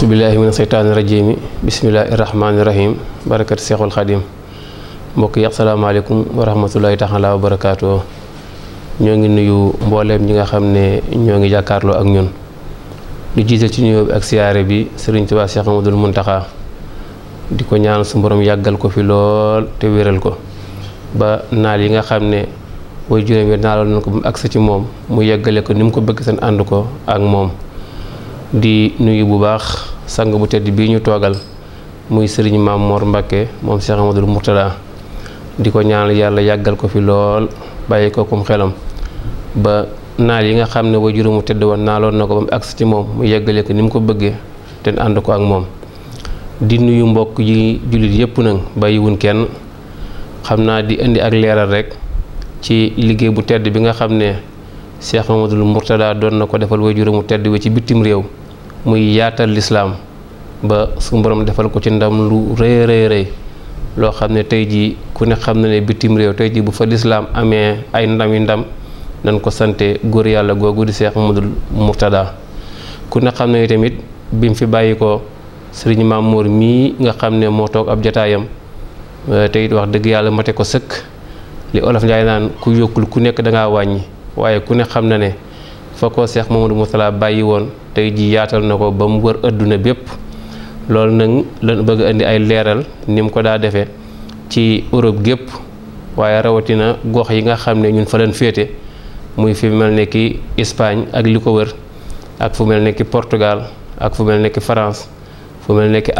ausubillahi mina seytaani rajimi bismillahi rahmaani rahim barakat seexul xadim mbokk yi asalaamaaleykum wa rahmatulahi taxala wa barakaatu ñoo ngi nuyu mbooleem ñi nga xam ne ñoo ngi jàkkaarloo ak ñun di jiite ci nuyoo bi ak siyaare bi sëriñ Tuubaa Seex Amadul Muntaxaa di ko ñaanal su borom yàggal ko fi lool te wéral ko ba naal yi nga xam ne way juróom yi naaloon nañ ko mu agsi ci moom mu yeggale ko ni mu ko bëgg seen ànd ko ak moom di nuyu bu baax sang bu tedd bii ñu toogal muy sëriñ maam Mor Mbacke moom Cheikh Amadou di ko ñaanal yàlla yàggal ko fi lool bàyyi ko kum xelam ba naar yi nga xam ne way juróomu tedd woon naaloon na ko ba mu agsi ci moom mu yeggale ko ni mu ko bëggee te ànd ko ak moom di nuyu mbokk yi jullit yépp nag bàyyiwun kenn xam naa di indi ak leeral rek ci liggéey bu tedd bi nga xam ne Cheikh ma Mourtada na ko defal waajur mu tedd ci bitim réew muy yaatal lislaam ba su borom defal ko ci ndam lu loo xam ne tey jii ku ne xam na ne bitim réew tey jii bu fa lislaam amee ay ndam yi ndam nañ ko sante góor yàlla googu di Cheikh Mamadul Mourtada ku xam na tamit fi bàyyi ko sëriñ Mamour mii nga xam ne moo toog ab jataayam tey it wax dëgg yàlla mate ko sëkk li olof Njaay naan ku yokkul ku nekk danga wàññi waaye ku ne xam na ne fa ko Seex Mamadu Murtala bàyyi woon tey ji yaatal na ko ba mu wër adduna bépp loolu nag lan bëgg indi ay leeral ni ko daa defee ci Europe gépp waaye rawatina gox yi nga xam ne ñun fa leen féete muy fi mel ne ki Espagne ak li ko wër ak fu mel nekki ki Portugal ak fu mel ne ki France fu mel ne ki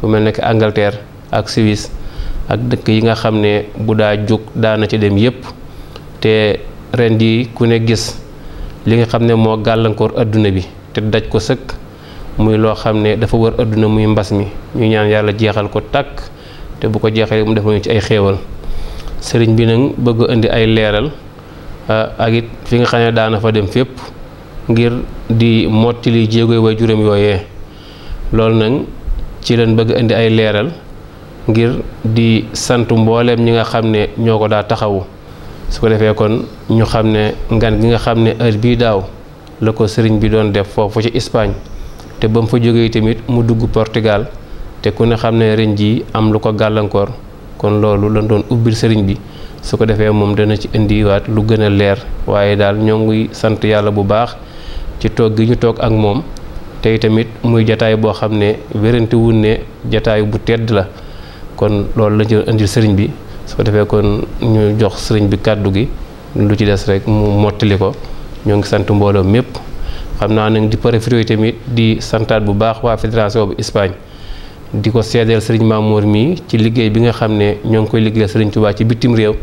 fu mel ne ki Angleterre ak Suisse ak dëkk yi nga xam ne bu daa jóg daana ci dem yépp te ren di ku ne gis li nga xam ne moo gàllankoor adduna bi te daj ko sëkk muy loo xam ne dafa war adduna muy mbas mi ñu ñaan yàlla jeexal ko tàkk te bu ko jeexee mu defal ñu ci ay xeewal sëriñ bi nag bëgg indi ay leeral ah, ak it fi nga xam ne daana fa dem fépp ngir di mottili jéegoy way juróom yooye loolu nag ci leen bëgg indi ay leeral ngir di sant mbooleem ñi nga xam ne ñoo ko daa taxawu su ko defee kon ñu xam ne ngan gi nga xam ne heure bii daaw la ko sëriñ bi doon def foofu ci Espagne te ba mu fa jógee tamit mu dugg Portugal te ku ne xam ne ren ji am lu ko gàllankoor kon loolu lañ doon ubbil sëriñ bi su ko defee moom dana ci indiwaat lu gën a leer waaye daal ñoo ngi sant yàlla bu baax ci toog gi ñu toog ak moom tey tamit muy jataay boo xam ne wérantiwul ne jataay bu tedd la kon loolu lañ ci doon indil sëriñ bi su ko defee kon ñu jox sëriñ bi kàddu gi lu ci des rek mu mottali ko ñoo ngi sant mbooloo mépp xam naa nag di profité tamit di santaat bu baax waa fédération bu Espagne di ko seedeel sëriñ Mamour mii ci liggéey bi nga xam ne ñoo ngi koy liggéeyal sëriñ Touba ci bitim réew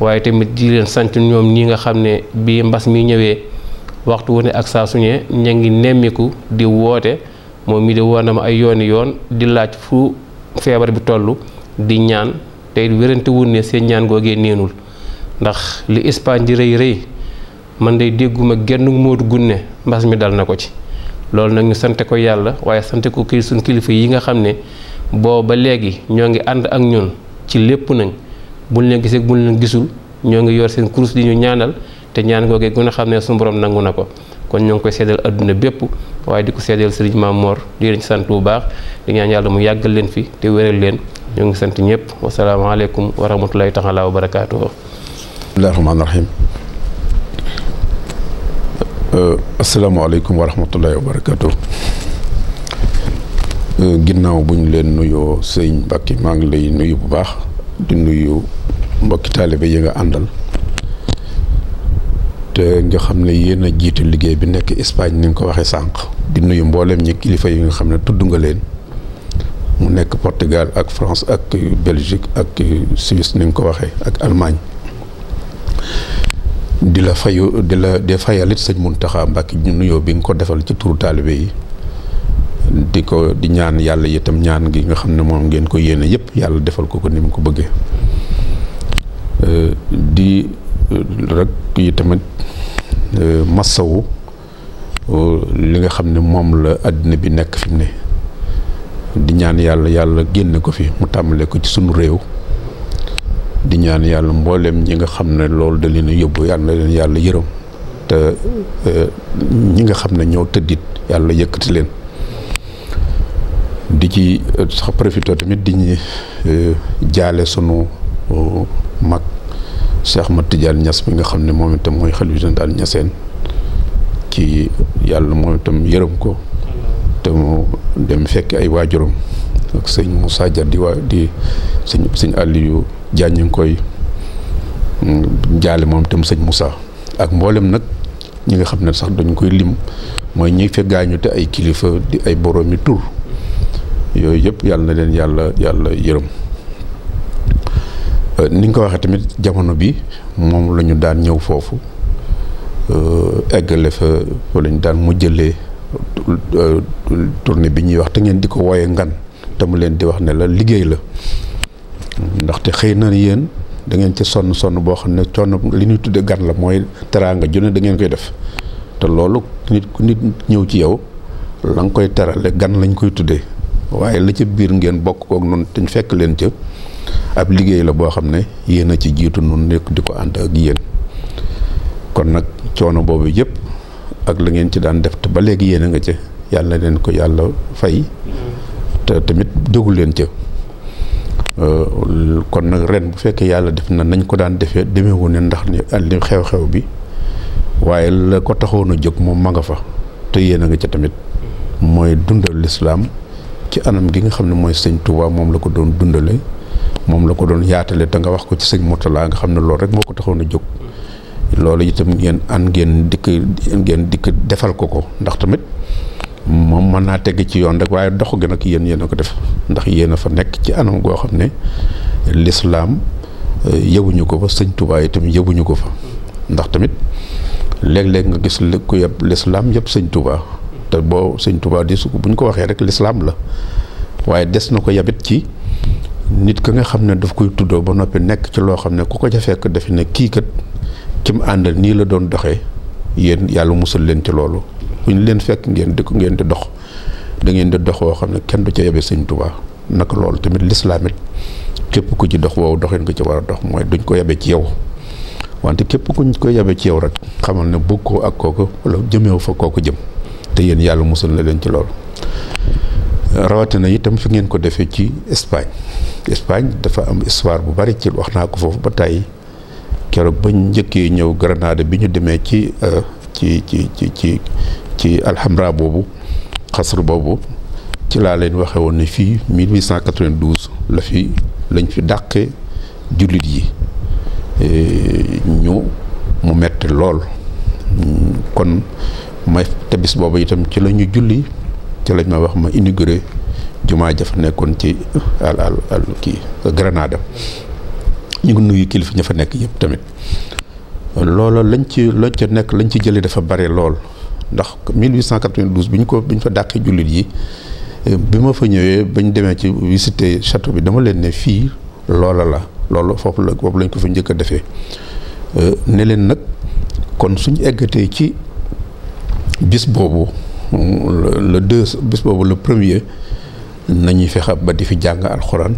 waaye tamit di leen sant ñoom ñi nga xam ne bi mbas mi ñëwee waxtu wu ne ak saa suñee ñu ngi nemmiku di woote moom mi di woon na ma ay yooni yoon di laaj fu feebar bi tollu di ñaan tey wérante wun ne seen ñaan googee neenul ndax li Espagne di rey rëy man day dégguma genn mootu gune mbas mi dal na ko ci loolu nag ñu sante ko yàlla waaye sante ko kii suñ kilifa yi nga xam ne booba léegi ñoo ngi ànd ak ñun ci lépp nag bu leen gisee bu leen gisul ñoo ngi yor seen kurus di ñu ñaanal te ñaan googee gën a xam ne suñu borom nangu na ko kon ñoo ngi koy seedal àdduna bépp waaye di ko seddal sëriñ Maam moor di leen sant bu baax di mu yàggal leen fi wéral leen ñu ngi sant ñëpp wasalaamaaleykum wa rahmatulahi taala wa barakaatuhu bismillahi rahmaani rahim uh, asalaamaaleykum uh, ginnaaw bu ñu leen nuyoo sëñ Mbacke maa ngi lay nuyu bu baax di nuyu mbokki taalibe yi nga àndal te nga xam ne yéen a jiitu liggéey bi nekk Espagne ni nga ko waxee sànq di nuyu mbooleem ñi kilifa yi nga xam ne tudd nga leen mu nekk Portugal ak France ak Belgique ak Suisse ni nga ko waxee ak Allemagne di la fayu di la de fayalit sëñ Muntaxa Mbàkke ñu nuyoo bi nga ko defal ci turu taalibe yi di ko di ñaan yàlla itam ñaan gi nga xam ne moom ngeen ko yéene yëpp yàlla defal ko ko ni mu ko bëggee euh, di rek yi tamit euh, massawu euh, li nga xam ne moom la àddina bi nekk fi ne di ñaan yàlla yàlla génne ko fi mu tàmbale ko ci sunu réew di ñaan yàlla mbooleem ñi nga xam ne loolu da leen yóbbu yàlla leen yàlla yërëm te e, ñi nga xam ne ñoo tëddit yàlla yëkkati leen di ci e, sax profité tamit di ñu e, jaale sunu mag Cheikh Ahmad Tidiane ñas bi nga xam ne moom itam mooy xalifa daal ñaseen ci yàlla moom itam yërëm ko te mu dem fekki ay waajuram sëñ Moussa Dia di waa di sëñ sëñ Aliou Diagne ñu ngi koy jaale moom itam sëñ Moussa ak mboolem nag ñu nga xam ne sax dañ koy lim mooy ñi fi gaañu te ay kilifa di ay boroomi tur yooyu yëpp yàlla na leen yàlla yàlla yërëm euh, ni nga ko waxee tamit jamono bi moom la ñu daan ñëw foofu euh, eggale fa fa la ñu daan mujjalee Euh, tournée bi ñuy wax te ngeen di ko wooye ngan te mu leen di wax ne la liggéey la ndaxte xëy na yéen dangeen ngeen ci sonn sonn boo xam ne coono li ñuy tudde gan la mooy teraanga junne da ngeen koy def te loolu nit ku nit ñëw ci yow la koy terale gan lañ koy tuddee waaye la ca biir ngeen bokk kook noonu te fekk leen ca ab liggéey la boo xam ne yéen a ci jiitu nun nekk di ko ànd ak yéen kon nag coono boobu yëpp ak la ngeen ci daan def te ba léegi yéen a nga ca yàlla na leen ko yàlla fay te tamit jógu leen ca euh, kon nag ren bu fekkee yàlla def na nañ ko daan defee demeewu ne ndax li xew-xew bi waaye la ko taxoon a jóg moom ma nga fa te yéen a nga ca tamit mooy dundal lislaam ci anam gi nga xam ne mooy sëñ Touba moom la ko doon dundale moom la ko doon yaatale te nga wax ko ci sëñ Mourtala nga xam ne loolu rek moo ko taxoon a jóg loolu itam ngeen an ngeen dikk ngeen dikk defal ko ko ndax tamit moom mën naa teg ci yoon rek waaye dox gi nag yéen yéen a ko def ndax yéen a fa nekk ci anam goo xam ne lislaam eh, yëbuñu ko fa sëñ Tuubaa ko fa ndax tamit léeg-léeg nga gis li ku yëpp lislaam yëpp sëñ te boo sëñ di su bu ko waxee rek lislaam la waaye des na ko yabit ci nit ka nga xam ne daf koy tuddoo ba noppi nekk ci loo xam ne ku ko ca fekk defe ne kii kat ki mu àndal nii la doon doxee yéen yàlla musal leen ci loolu fu leen fekk ngeen di ko ngeen di dox da ngeen di dox woo xam ne kenn du ca yebe sëñ Tuubaa naka loolu tamit lislaam képp ku ci dox woowu doxin ko ci war a dox mooy duñ ko yebe ci yow wante képp kuñ ko yebe ci yow rek xamal ne bokkoo ak kooku wala jëmeewu fa kooku jëm te yéen yàlla musal na leen ci loolu rawatina itam fi ngeen ko defee ci Espagne Espagne dafa am histoire bu bari ci wax naa ko foofu ba tàyyi keroog ba njëkkee ñëw Grenade bi ñu demee ci euh, ci ci ci ci ci alhamra boobu xasr boobu ci laa leen waxee woon ne fii 1892 la fi lañ fi dàqee jullit yi ñu mu metti lool kon may te boobu itam ci la ñu julli ci lañ ma wax ma inauguré jumaa jafa nekkoon ci al al al kii Grenade ñu ngi nuyu kilifa ña fa nekk yëpp tamit loola lañ ci lañ ca nekk lañ ci jëlee dafa bari lool ndax 1892 bi ñu ko bi ñu fa dàqee jullit yi bi ma fa ñëwee bañ demee ci visiter château bi dama leen ne fii loola la loolu foofu la foofu lañ ko fa njëkk a defee euh, ne leen nag kon suñ eggatee ci bis boobu le deux bis boobu la premier nañuy fexe ba di fi jàng alxuraan.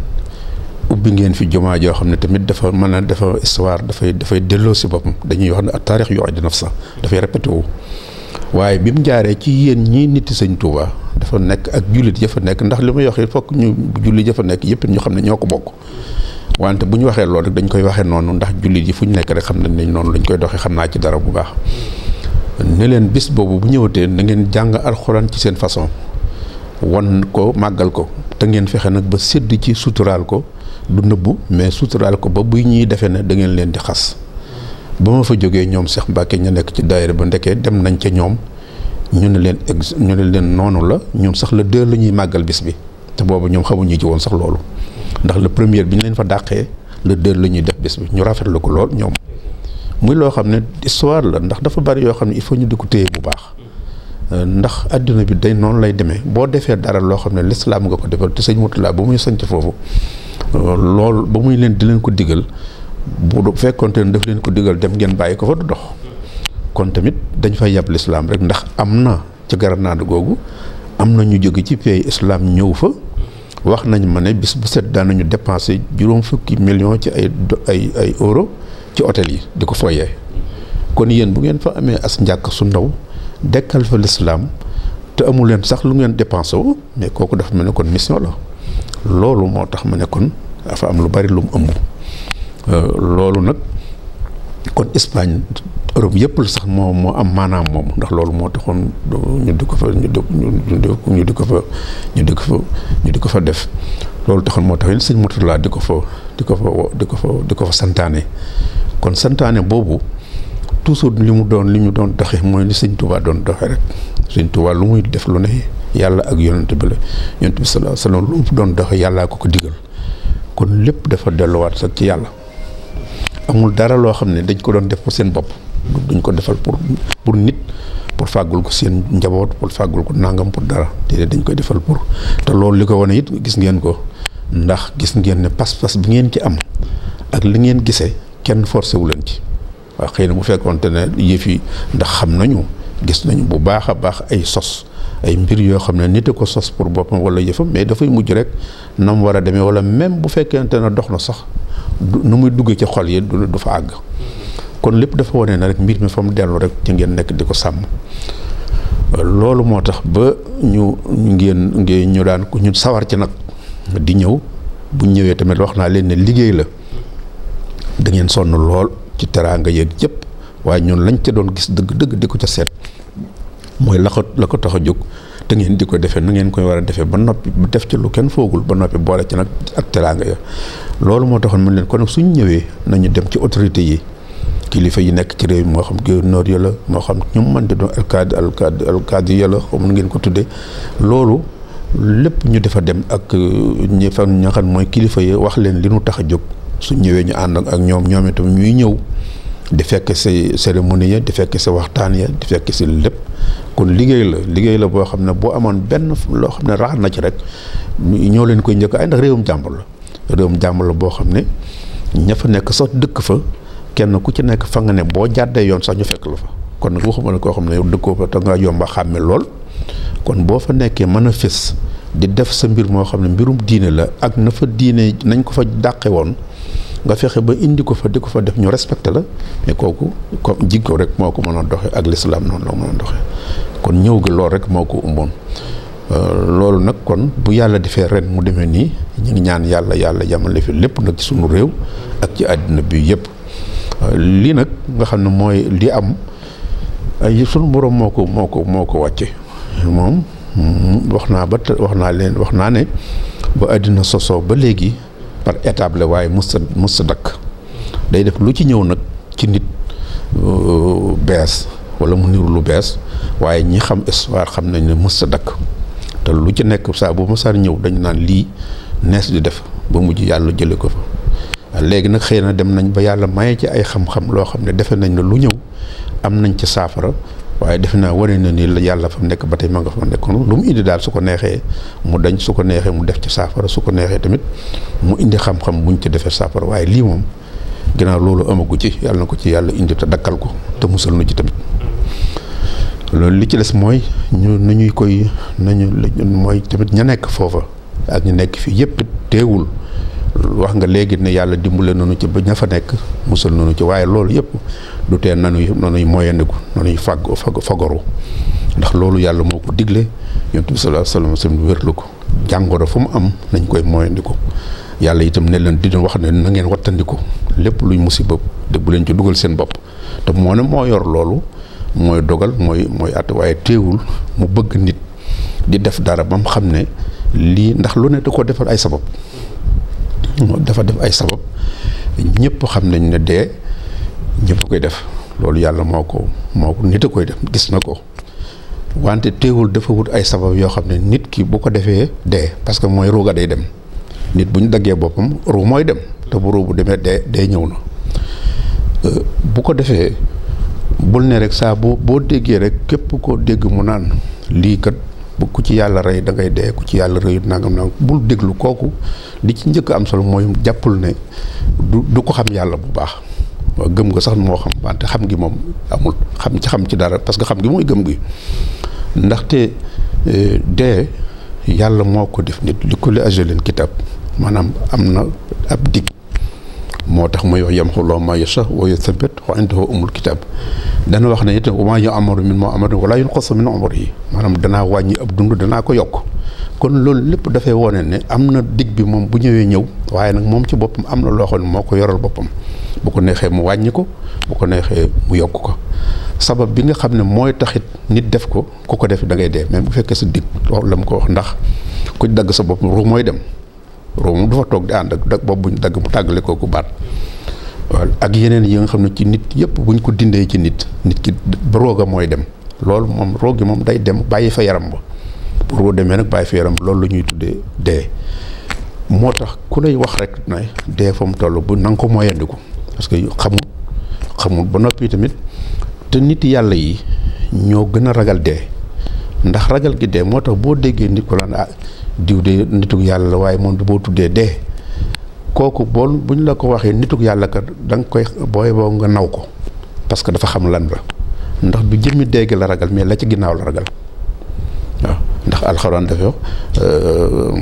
ubbi ngeen fi jumaa joo xam ne tamit dafa mën a dafa histoire dafay dafay delloo si boppam dañuy wax ne ak taarix yu dina naf sax dafay répété wu waaye bi mu jaaree ci yéen ñii niti sëñ Touba dafa nekk ak jullit ya nekk ndax li may wax il fokk ñu jullit ya nekk yëpp ñu xam ne ñoo ko bokk wante bu ñu waxee loolu dañ koy waxee noonu ndax jullit yi fu ñu nekk rek xam nañ ne noonu lañ koy doxee xam naa ci dara bu baax ne leen bis boobu bu ñëwatee na ngeen jàng alxuraan ci seen façon wan ko màggal ko te ngeen fexe nag ba sédd ci suturaal ko du nëbbu mais suturaal ko ba bu ñuy defee ne dangeen leen di xas ba ma fa jógee ñoom Cheikh Mbacke ñu nekk ci daayira ba ndekee dem nañ ca ñoom ñu ne leen ex ñu ne leen noonu la ñun sax la deux la ñuy màggal bis bi te boobu ñoom xamuñu ci woon sax loolu ndax le premier bi ñu leen fa dàqee le deux la ñuy def bis bi ñu rafetlu ko lool ñoom muy loo xam ne histoire la ndax dafa bari yoo xam ne il faut ñu di ko téye bu baax ndax àdduna bi day noonu lay demee boo defee dara loo xam ne lislaam nga ko defal te sëñ laa ba muy sanc foofu lool ba muy leen di leen ko digal bu fekkonte ne daf leen ko digal dem ngeen bàyyi ko fa du dox kon tamit dañ fay yàb lislaam rek ndax am na ci garanaad googu am na ñu jóge ci pays islam ñëw fa wax nañ ma ne bis bu set daan nañu dépensé juróom fukki million ci ay ay ay euro ci hôtel yi di ko foyee kon yéen bu ngeen fa amee as njàkk su ndaw dekkal fa lislaam te amul leen sax lu ngeen dépensé wu mais kooku dafa mel ne kon mission la loolu moo tax ma ne kon dafa am lu bari lu mu ëmb euh, loolu nag kon Espagne Europe yëpp la sax moo moo am maanaam moom ndax loolu moo taxoon ñu di ko fa ñu di ñu di ko fa ñu di ko fa ñu di ko fa def loolu taxoon moo tax sëñ Murtala di ko fa di ko fa di ko fa di ko fa santaane kon santaane boobu. toujours li mu doon li ñu doon doxee mooy li sëñ Touba doon doxee rek sëñ Touba lu muy def lu ne yàlla ak yonent bi la yonent bi sallallahu alayhi doon doxee yàllaa ko ko digal kon lépp dafa delluwaat sax ci yàlla amul dara loo xam ne dañ ko doon def pour seen bopp duñ ko defal pour pour nit pour fàggul ko seen njaboot pour fàggul ko nangam pour dara te dañ koy defal pour te loolu li ko wane it gis ngeen ko ndax gis ngeen ne pas-pas bi ngeen ci am ak li ngeen gisee kenn forcé wu leen ci. waaw xëy na bu fekkoonte ne yëf yi ndax xam nañu gis nañu bu baax a baax ay sos ay mbir yoo xam ne nit a ko sos pour boppam wala yëfam mais dafay mujj rek na mu war a demee wala même bu fekkente ne dox na sax nu muy duggee ci xol yi du fa àgg kon lépp dafa wane na rek mbir mi fa mu dellu rek ci ngeen nekk di ko sàmm loolu moo tax ba ñu ngeen ngeen ñu daan ñu sawar ci nag di ñëw bu ñëwee tamit wax naa leen ne liggéey la da ngeen sonn lool ci teraanga yeeg yëpp waaye ñun lañ ca doon gis dëgg dëgg di ko ca seet mooy la ko la ko tax a jóg te ngeen di ko defee nu ngeen koy war a defee ba noppi def ci lu kenn foogul ba noppi boole ci nag ak teraanga ya loolu moo taxoon mën leen kon nag suñ ñëwee nañu dem ci autorité yi kilifa yi nekk ci réew mi moo xam gouverneur ya la moo xam ñu mën di doon alkaadi alkaadi alkaadi ya la xam nu ngeen ko tuddee loolu lépp ñu dafa dem ak ñi fa ña xam mooy kilifa yi wax leen li nu tax a jóg suñ ñëwee ñu ànd ak ñoom ñoom itam ñuy ñëw di fekk si cérémonie ya di fekk si waxtaan ya di fekk si lépp kon liggéey la liggéey la boo xam ne boo amoon benn loo xam ne raar na ci rek ñoo leen koy njëkk ay ndax réewum jàmbur la réewum jàmbur la boo xam ne ña fa nekk sax dëkk fa kenn ku ci nekk fa nga ne boo jàddee yoon sax ñu fekk la fa kon nag waxuma la koo xam ne yow dëkkoo fa te nga yomba xàmme lool kon boo fa nekkee mën a fés di def sa mbir moo xam ne mbirum diine la ak na diine nañ ko fa dàqe woon nga fexe ba indi ko fa di ko fa def ñu respecté la mais kooku comme jikko rek moo ko mën a doxee ak lislaam noonu la mënoon doxee kon ñëw gi lool rek moo ko umboon euh, loolu nag kon bu yàlla defee ren mu demee nii ñaan yàlla yàlla yamale fi lépp nag ci sunu réew ak ci àddina bi yépp euh, lii nag nga xam ne mooy li am ay sunu borom moo ko moo ko moo ko wàcce moom mm, wax naa ba wax naa leen wax naa ne ba àddina sosoo ba léegi par étape waaye mus sa mus dakk day def lu ci ñëw nag ci nit euh, bees wala mu niru lu bees waaye ñi xam histoire xam nañ ne mus sa dakk te lu ci nekk saa bu masar ñëw dañu naan lii nees di def ba mujj yàlla jële ko fa léegi nag xëy na dem nañ ba yàlla maye ci ay xam-xam loo xam ne defe nañ ne lu ñëw am nañ ci saafara waaye defe naa wane na nii la yàlla fa nekk ba tey ma nga fa nekkoon lu mu indi daal su ko neexee mu dañ su ko neexee mu def ci saafara su ko neexee tamit mu indi xam-xam buñ ci defee saafara waaye lii moom ginnaaw loolu amagu ci yàlla na ko ci yàlla indi te dakkal ko te musal nu ci tamit. loolu li ci des mooy ñu nu ñuy koy nañu mooy tamit ña nekk foofa ak ñu nekk fii yëpp teewul. wax nga léegi ne yàlla dimbale noonu ci ba ña fa nekk musal nanu ci waaye loolu yëpp du tee nanuy nanuy moyandiku nanuy fag fagaru ndax loolu yàlla moo ko digle yonent bi sallallahu alayhi wasallam wérlu ko jàngoro fu mu am nañ koy moyandiku yàlla yitam ne leen di wax ne na ngeen wattandiku lépp luy musiba te bu leen ci dugal seen bopp te moo ne moo yor loolu mooy dogal mooy mooy at waaye téewul mu bëgg nit di def dara bam xam ne lii ndax lu ne da ko defal ay sabab dafa def ay sabab ñëpp xam nañ ne dee ñëpp koy def loolu yàlla moo ko moo ko nit a koy dem gis na ko wante teewul dafa wut ay sabab yoo xam ne nit ki bu ko defee dee parce que mooy ruuga day dem nit bu ñu daggee boppam ruu mooy dem te bu ruu bu demee dee dee ñëw na euh, bu ko defee bul ne rek saa boo boo déggee rek képp koo dégg mu naan lii kat bu ku ci yàlla rey da ngay dee ku ci yàlla reyut nangam nangam bul déglu kooku li ci njëkk am solo mooy jàppul ne du du ko xam yàlla bu baax waaw gëm nga sax moo xam wante xam gi moom amul xam ci xam ci dara parce que xam gi mooy gëm gi ndaxte eh, dee yàlla moo ko def nit li ko li leen kitab maanaam am na ab dig moo tax muy wax yamxullaahu maa yashaa wa yuthabbit wa indahu umul kitaab dana wax ne itam wa maa yu'ammaru min mu'ammarin wa laa yunqasu min yi maanaam danaa wàññi ab dund danaa ko yokk kon loolu lépp dafay wone ne am na digg bi moom bu ñëwee ñëw waaye nag moom ci boppam am na loo xam ne moo ko yoral boppam bu ko neexee mu wàññi ko bu ko neexee mu yokk ko sabab bi nga xam ne mooy taxit nit def ko ku ko def da ngay dee même bu fekkee sa digg loolu la mu ko wax ndax ku dagg sa bopp ruux mooy dem. roo moom du toog di ànd ak dag bopp ñu dagg mu tàggale kooku baat waaw ak yeneen yi nga xam ne ci nit yëpp buñ ko dindee ci nit nit ki rooga mooy dem loolu moom roog gi moom day dem bàyyi fa yaram ba bu roo demee nag bàyyi fa yaram loolu la ñuy tuddee dee moo tax ku lay wax rek ne dee fa mu toll bu na ko moyandiku parce que xamul xamul ba noppi tamit te nit yàlla yi ñoo gën a ragal dee ndax ragal gi dee moo tax boo déggee nit ko laan ah diw de nitug yàlla la waaye moom boo tuddee dee kooku bool bu ñu la ko waxee nitug yàlla ko danga koy booy boo nga naw ko parce que dafa xam lan la ndax du jëmmi dégg la ragal mais la ci ginnaaw la ragal waaw ndax alxuraan dafa wax euh,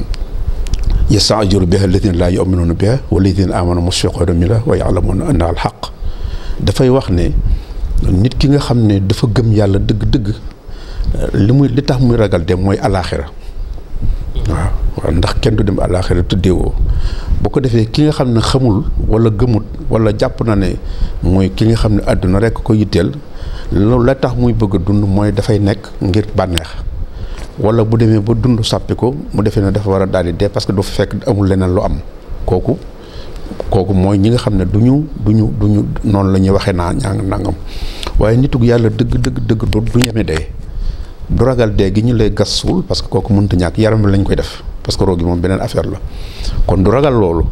yasta'jilu biha alladhina laa yu'minuuna biha walladhina aamanu mushfiquuna minha wa ya'lamuuna annaha al-haqq dafay wax ne nit ki nga xam ne dafa gëm yàlla dëgg-dëgg li muy li tax muy ragal dem mooy alaaxira waaw waaw ndax kenn du dem àllaaxira tuddeewoo boo ko defee ki nga xam ne xamul wala gëmut wala jàpp na ne mooy ki nga xam ne àdduna rekk ko yitteel loolu la tax muy bëgg dund mooy dafay nekk ngir bànneex wala bu demee ba dund sàppi ko mu defee ne dafa war a daal di dee parce que du fa fekk amul leneen lu am kooku kooku mooy ñi nga xam ne duñu ñu du ñu du ñu noonu la ñuy waxee naa ñaa nangam waaye nitug yàlla dëgg dëgg dëgg du ñeme du ragal dee gi ñu lay gas suul parce que kooku mënta ñàkk yaram bi lañ koy def parce que roogi moom beneen affaire la kon du ragal loolu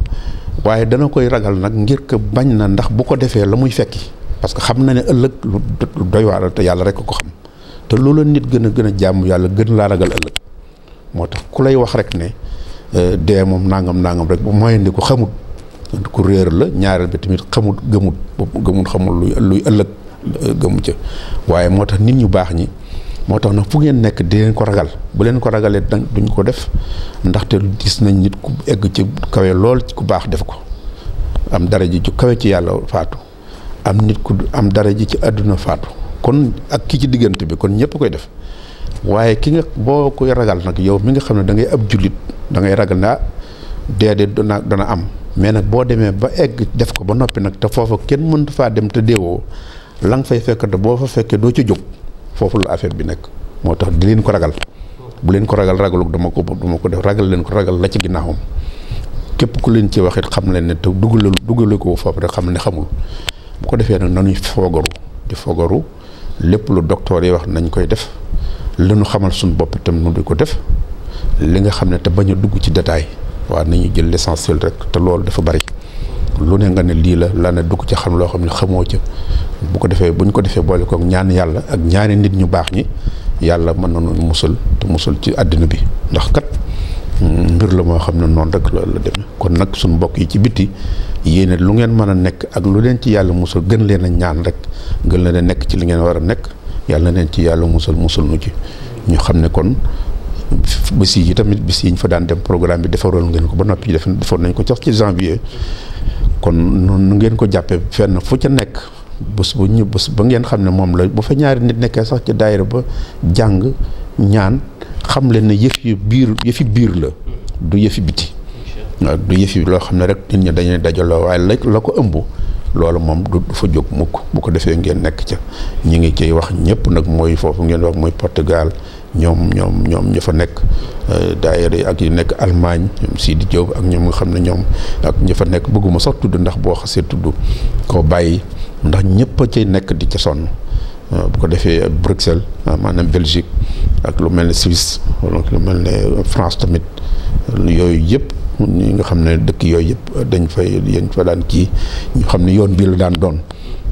waaye dana koy ragal nag ngir que bañ na ndax bu ko defee la muy fekki parce que xam na ne ëllëg lu doy waar te yàlla rek ko xam te loola nit gën a gën a jàmm yàlla gën laa ragal ëllëg moo tax ku lay wax rek ne euh, dee moom nangam nangam rek bu moyen di ko xamut ku réer la ñaareel bi tamit xamut gëmut xamul luy luy ëllëg euh, gëmu ca waaye moo tax nit ñu baax ñi moo tax nag fu ngeen nekk di leen ko ragal bu leen ko ragalee duñ ko def ndaxte gis nañ nit ku egg ci kawe lool ku baax def ko am dara ji ci kawe ci yàlla faatu am nit ku am dara ji ci àdduna faatu kon ak ki ci diggante bi kon ñëpp koy def waaye ki nga boo koy ragal nag yow mi nga xam ne da ngay ab jullit da ngay ragal naa ah, dee de dana dana am mais nag boo demee ba egg def ko ba noppi nag te foofa kenn mënut faa dem te deewoo la nga fay fekk te boo fa fekkee doo ci jóg. foofu la affaire bi nekk moo tax di leen ko ragal bu leen ko ragal ragalug dama ko duma ko def ragal leen ko ragal la ci ginnaawam képp ku leen ci wax it xam leen ne te dugal dugale ko foofu rek xam ne xamul bu ko defee nag nañuy foogaru di foogaru lépp lu docteur yi wax nañ koy def li xamal suñu bopp itam nu ko def li nga xam ne te bañ a dugg ci détail waaw nañu jël l'essentiel rek loolu dafa bari lu ne nga ne lii la la ne dugg ci xam loo xam ne xamoo ca bu ko defee bu ñu ko defee boole ko ñaan yàlla ak ñaani nit ñu baax ñi yàlla mën na noonu musal te musal ci àddina bi ndax kat mm, mbir la moo xam ne noonu rek la la kon nag suñu mbokk yi ci biti yéene lu ngeen mën a nekk ak lu leen ci yàlla musal gën leen a ñaan rek gën leen a nekk ci li ngeen war a nekk yàlla na leen ci yàlla musal musal nu ci ñu xam ne kon bis yi tamit bis yi ñu fa daan dem programme bi defaroon ngeen ko ba noppi defoon nañ ko sax ci janvier kon noonu ngeen ko jàppee fenn fu ca nekk bés bu ñu bés ba ngeen xam ne moom la bu fa ñaari nit nekkee sax ca daayira ba jàng ñaan xam leen ne yëf biir yëfi biir la du yëfi biti waaw du yëfi loo xam ne rek nit ñi dajaloo waaye la la ko ëmb loolu moom du fa jóg mukk bu ko defee ngeen nekk ca ñu ngi ciy wax ñëpp nag mooy foofu ngeen wax mooy Portugal ñoom ñoom ñoom ñu fa nekk euh, daayira yi ak yi nekk Allemagne ñoom Sidi Diop ak ñoom nga xam ne ñoom ak ñu fa nekk bëgguma sax tudd ndax boo xasee tudd koo bàyyi ndax ñëpp a cay nekk di ca sonn euh, bu ko defee Bruxelles euh, maanaam Belgique ak lu mel ni Suisse wala lu mel ne France tamit yooyu yëpp ñi nga xam ne dëkk yooyu yëpp dañ fay dañ fa daan kii ñu xam ne yoon bii la daan doon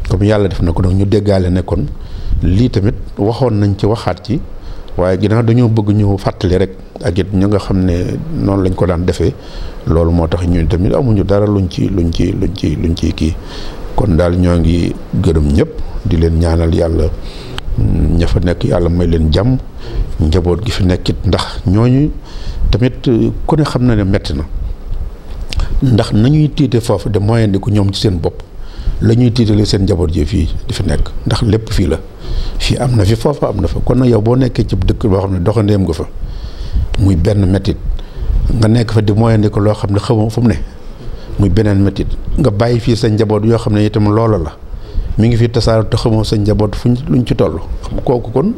comme yàlla def na ko donc ñu déggaale nekkoon lii tamit waxoon nañ ci waxaat ci waaye ginnaaw dañoo bëgg ñëw fàttali rek ak it ñu nga xam ne noonu lañ ko daan defee loolu moo tax ñun tamit amuñu dara luñ ci luñ ci luñ ci luñ ci kii kon daal ñoo ngi gërëm ñëpp di leen ñaanal yàlla mm, ña fa nekk yàlla may leen jàmm njaboot gi fi nekkit ndax ñooñu tamit euh, ku ne xam na ne metti na ndax na ñuy tiite foofu de moyen di ko ñoom ci seen bopp lañuy ñuy tiitale seen njaboot ji fii di fi nekk ndax lépp fii la fii am na fi foofa am na fa kon na yow boo nekkee ci dëkk loo xam ne doxandeem nga fa muy benn mettit nga nekk fa di moyen ko loo xam ne xamoo fu mu ne muy beneen métit nga bàyyi fii sa njaboot yoo xam ne itam loola la mi ngi fi tasaare te xamoo sa njaboot fuñ luñ ci toll kooku kon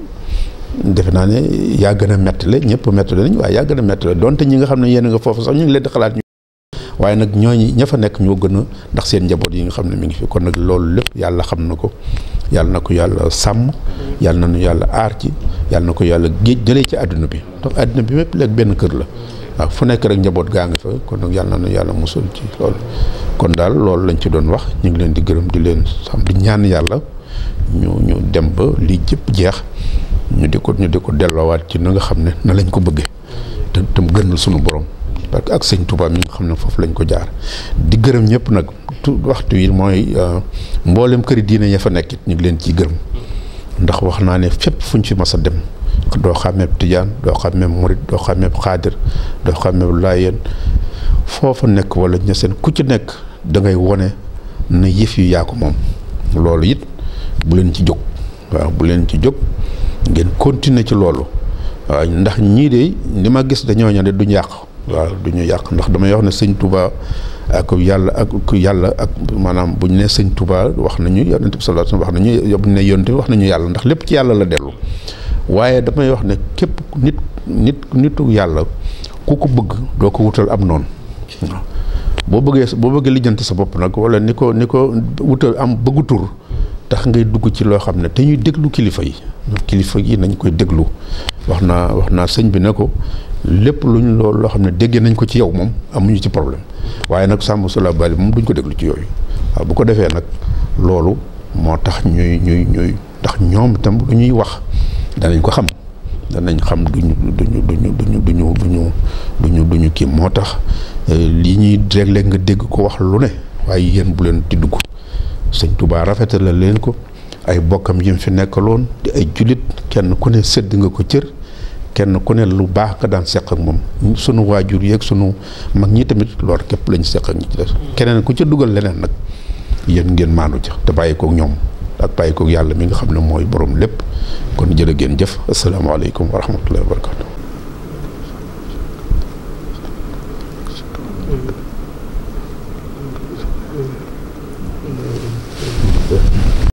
defe naa ne yaa gën a mettale ñëpp mettale nañ waaye yaa gën a mettale donte ñi nga xam ne yéen nga foofu sax ñu ngi leen di xalaat ñu waaye nag ñooñu ña fa nekk ñoo gën a ndax seen njaboot yi nga xam ne mu ngi fi kon nag loolu lépp yàlla xam na ko yàlla na ko yàlla sàmm yàlla na nu yàlla aar ci yàlla na ko yàlla géej jëlee ci àdduna bi ndax àdduna bi mépp léegi benn kër la ak fu nekk rek njaboot gaa ngi fa kon nag yàlla na yàlla musul ci loolu kon daal loolu lañ ci doon wax ñu ngi leen di gërëm di leen sam di ñaan yàlla ñu ñu dem ba lii jëpp jeex ñu di ko ñu di ko delloowaat ci na nga xam ne na lañ ko bëggee te gën gënal sunu borom parce que ak sëñ Touba mi nga xam ne foofu lañ ko jaar di gërëm ñëpp nag tout waxtu yi mooy euh, mboolem këri diine ya fa nekk ñu ngi leen ciy gërëm ndax wax naa ne fépp fuñ fi mas a dem doo xàmmeeb tijaan doo xàmmeeb murit doo xàmmeeb xaadir doo xàmmeeb laayeen foofu nekk wala ñeseen ku ci nekk da ngay wone na yëf yu yaa moom loolu it bu leen ci jóg waaw bu leen ci jóg ngeen continé ci loolu waaw ndax ñii de li ma gis dañoo ñane duñ yàq waaw duñu yàq ndax damay wax ne sëñ tubaa ak yàlla ak yàlla ak maanaam buñ ne sëñ Touba wax nañu yonent bi sallallahu alayhi wasallam wax nañu buñ ne yonent bi wax nañu yàlla ndax lépp ci yàlla la dellu waaye damay wax ne képp nit nit nitu yàlla ku ko bëgg doo ko wutal am noonu boo bëggee boo bëggee lijjanti sa bopp nag wala ni ko ni ko wutal am bëggu tax ngay dugg ci loo xam ne te ñuy déglu kilifa yi kilifa yi nañ koy déglu wax naa wax naa sëñ bi ne ko lépp lu ñu loolu loo xam ne déggee nañ ko ci yow moom amuñu ci problème waaye nag sàmm sula bali moom duñ ko déglu ci yooyu waaw bu ko defee nag loolu moo tax ñuy ñuy ñuy tax ñoom itam lu ñuy wax danañ ko xam danañ xam duñu duñu duñu duñu duñu duñu duñu duñu kii moo tax euh, lii ñuy régler nga dégg ko wax lu ne waaye yéen bu leen di dugg sëñ Tuubaa rafetal la leen ko ay bokkam yi mu fi nekkaloon di ay julit kenn ku ne sëdd nga ko cër kenn ku ne lu baax nga daan seq ak moom sunu waajur yeeg sunu mag ñi tamit loolu képp lañ seq ak ñi ci des keneen ku ca dugal leneen nag yéen ngeen maandu ca te bàyyi koog ñoom ak bàyyi koog yàlla mi nga xam ne mooy boroom lépp kon jërë ngeen jëf asalaamaaleykum wa rahmatullahi wa barakatu